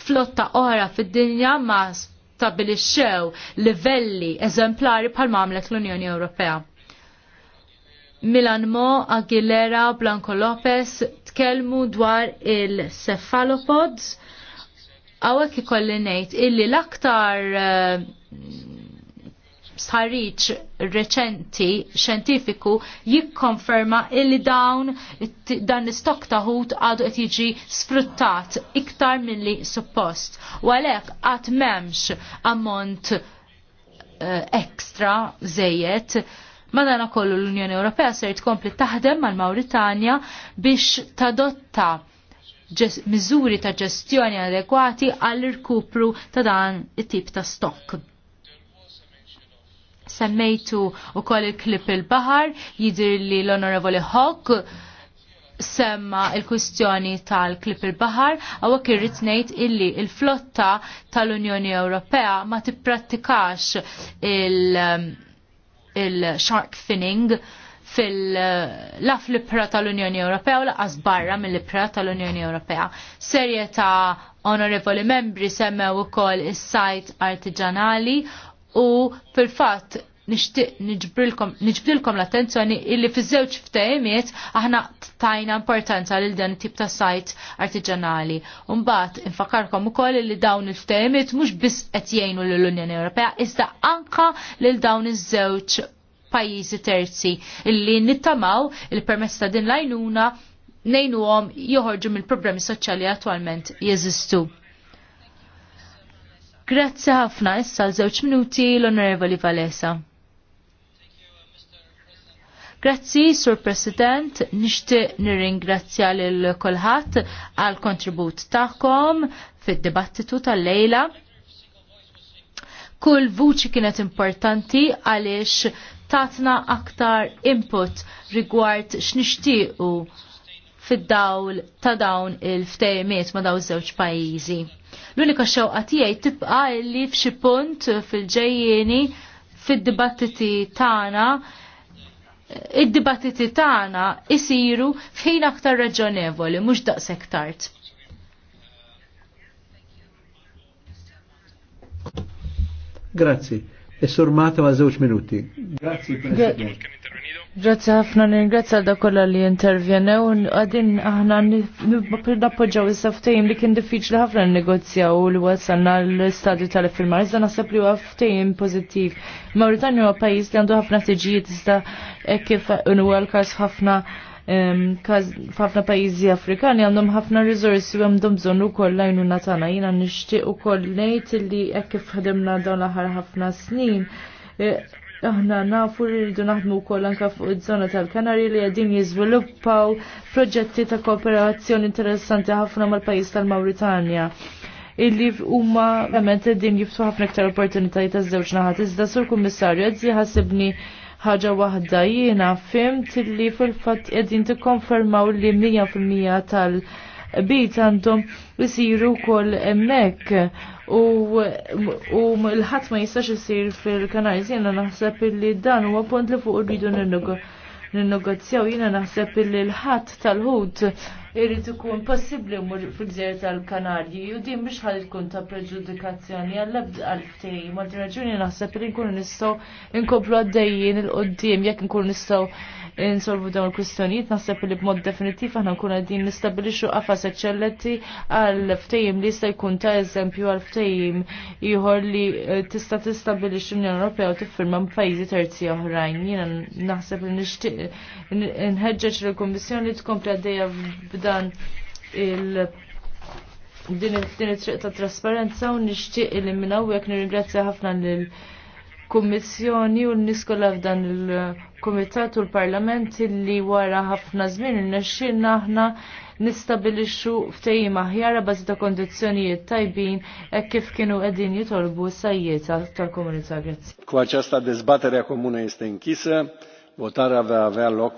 flotta oħra fid-dinja ma stabilixxew livelli eżemplari bħal mamlek l-Unjoni Ewropea Milan Mo, Aguilera, Blanco Lopez tkellmu dwar il-cephalopods. Għawek ikolli ngħid illi l-aktar eh, sħarriċ reċenti xjentifiku jikkonferma illi dawn dan l-istok taħut għadu qed jiġi sfruttat iktar milli suppost. U għalhekk memx m'hemmx ammont uh, eh, ekstra żejjed Madana kollu l-Unjoni Ewropea ser tkompli taħdem mal-Mauritania biex tadotta miżuri ta' ġestjoni adekwati għall-irkupru ta' dan it-tip ta' stock. Semmejtu u koll il-klip il-bahar, jidir li l-Onorevoli Hawk semma il-kwistjoni tal-klip il-bahar, għaw kirrit ngħid illi il-flotta tal-Unjoni Ewropea ma tippratikax il- il-shark finning fil-laf l-ipra tal-Unjoni Ewropea u laqas barra mill-ipra tal-Unjoni Ewropea. Serje ta' onorevoli membri semmew ukoll is-sajt artiġanali u fil-fatt nixtieq niġbrilkom l-attenzjoni illi fiż-żewġ ftehimiet aħna tajna importanza lil dan tip ta' sajt artiġanali. Mbagħad infakarkom ukoll li dawn il-ftehimiet mhux biss qed jgħinu lill-Unjoni Ewropea iżda anka lil dawn iż-żewġ pajjiżi terzi illi nittamaw il-permess ta' din lajnuna nejnu għom joħorġu mill-problemi soċjali attualment jeżistu. Grazzi ħafna issa żewġ minuti l-Onorevoli Valesa. Grazzi, Sur President, nishti nirringrazzja lil kolħat għal kontribut taħkom fid-dibattitu tal-lejla. Kull vuċi kienet importanti għaliex tatna aktar input rigward x'nixtiequ fid-dawl ta' dawn il-ftejmiet ma' dawn żewġ pajjiżi. L-unika xewqa tiegħi tibqa' li f'xi punt fil-ġejjieni fid-dibattiti tagħna id-dibattiti tagħna isiru f'ħin aktar raġonevoli mhux daqshekk tard. Grazzi. Is-surmata e ma' żewġ minuti. Grazzi, President. Grazzi ħafna ringrazzi għal dakolla li intervjenew. Għadin aħna nappoġġaw is-saftejn li kien diffiċli ħafna negozjaw li wasalna l-istadju tal iffirma Iżda naħseb li huwa ftehim pożittiv. Mauritania huwa pajjiż li għandu ħafna tiġijiet iżda kif huwa l-każ ħafna f'ħafna pajjiżi Afrikani għandhom ħafna riżorsi u għandhom bżonn ukoll lajnu natana. Jiena nixtieq ukoll ngħid li hekk kif ħdemna dawn l-aħħar ħafna snin Aħna nafu li rridu naħdmu wkoll anke fuq iż-żona tal-Kanari li qegħdin jiżviluppaw proġetti ta' kooperazzjoni interessanti ħafna mal-pajjiż tal-Mawritanja illi huma verament qegħdin jiftu ħafna iktar opportunitajiet ta' żewġ naħat. Iżda sur kummissarju qed ħasibni ħaġa waħda jiena fimt illi fil-fatt qegħdin tikkonfermaw li 100% tal- bit għandhom jisiru wkoll emmek u l-ħadd ma jistax jisir fil-Kanarji jiena naħseb illi dan huwa għapont li fuq n ninnegozjaw jiena naħseb illi l-ħadd tal-ħut irrid ikun possibbli mur fil-gżejjer tal-Kanarji u din biex ħalli tkun ta' preġudikazzjoni għall-ebda għal-ftehim. Għal raġuni naħseb li nkun nistaw nkomplu għaddejjin il-qoddim jekk nkunu nistaw insolvu dawn il-kwistjonijiet naħseb li b'mod definitiv aħna nkun qegħdin nistabilixxu qafas eċċellenti għal ftejim li jista' jkun ta' eżempju għal ftejim ieħor li eh, tista' tistabilix l-Unjoni Ewropea u tiffirma f'pajjiżi terzi oħrajn. Jiena naħseb li nixtieq nħeġġeġ lill-Kummissjoni li tkompli għaddejja b'dan il- din it-triq ta' trasparenza u nixtieq li minn hawnhekk nirringrazzja ħafna lil kummissjoni u niskola f'dan il-Kumitat u l-Parlament li wara ħafna żmien irnexxilna aħna nistabilixxu ftehim aħjar bażi ta' kondizzjonijiet tajbin e kif kienu qegħdin jitolbu sajjiet tal-komunità Grezzi. Cu aceasta komuna comună este închisă, votarea va avea loc